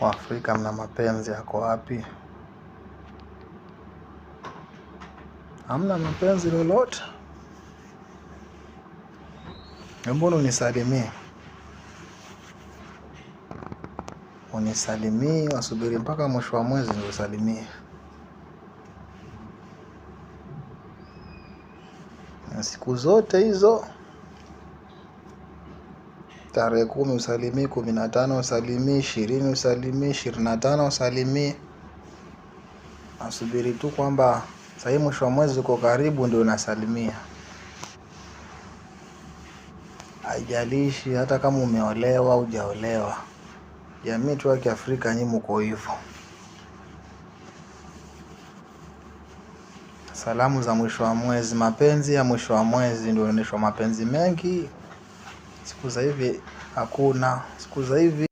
Waafrika mna mapenzi yako wapi? Hamna mapenzi lolote? Mbona unisalimie, unisalimie, wasubiri mpaka mwisho wa mwezi ndio usalimie? Siku zote hizo tarehe kumi usalimie kumi na tano usalimie ishirini usalimie ishirini na tano usalimie. Nasubiri tu kwamba sahii mwisho wa mwezi uko karibu, ndio unasalimia. Haijalishi hata kama umeolewa ujaolewa jamii tu ya Kiafrika nyinyi mko hivyo. Salamu za mwisho wa mwezi, mapenzi ya mwisho wa mwezi ndio unaonyeshwa mapenzi mengi. Siku za hivi hakuna. Siku za hivi.